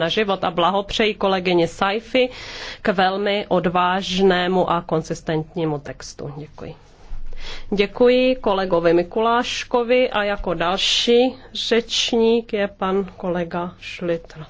na život a blahopřeji kolegyně Saifi k velmi odvážnému a konsistentnímu textu. Děkuji. Děkuji kolegovi Mikuláškovi a jako další řečník je pan kolega Šlitr.